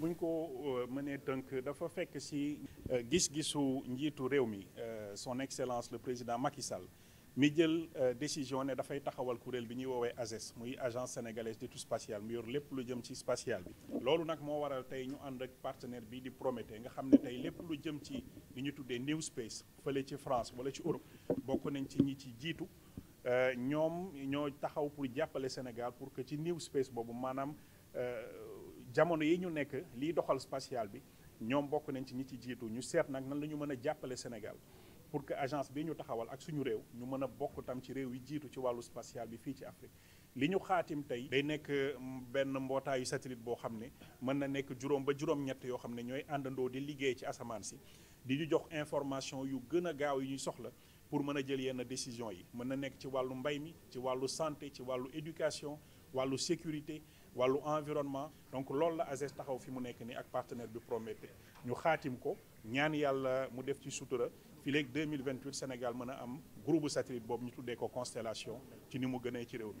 bu ñu ko euh, mënee tënk dafa fekk ci euh, gis-gisu njiitu réew mi euh, son excellence le président Macky Sall mi jël décision ne dafay taxawal kuréel bi ñuy woowee ASES e muy agence sénégalaise d'étude spatiale mu yor lépp lu jëm ci spatial bi. loolu nag moo waral tey ñu ànd ak partenaire bi di Prométhée nga xam ne tey lépp lu jëm ci li ñu tuddee new space fële ci France wala ci Europe bokk nañ ci ñi ci jiitu ñoom ñoo taxaw pour jàppale Sénégal pour que ci new space boobu maanaam. jamono yi ñu nekk liy doxal spatial bi ñoom bokk nañ ci ñi ci jiitu ñu seet nag nan la ñu mën a jàppale Sénégal pour que agence bi ñu taxawal ak suñu réew ñu mën a bokk tam ci réew yi jiitu ci wàllu spatial bi fii ci Afrique li ñu xaatim tey day nekk mm, benn mbootaayu satellite boo xam ne mën na nekk juróom ba juróom-ñett yoo xam ne ñooy àndandoo di liggéey ci asamaan si di ñu jox information yu gën a gaaw yi ñuy soxla pour mën a jël yenn décision yi mën na nekk ci wàllu mbay mi ci wàllu santé ci wàllu éducation wàllu sécurité wàllu environnement donc loolu la ASES taxaw fi mu nekk nii ak partenaire bi Prométhée ñu xaatim ko ñaan yàlla mu def ci sutura fii léegi 2028 Sénégal mën a am groupe satellite boobu ñu tuddee ko Constellation ci ni mu gënee ci réew mi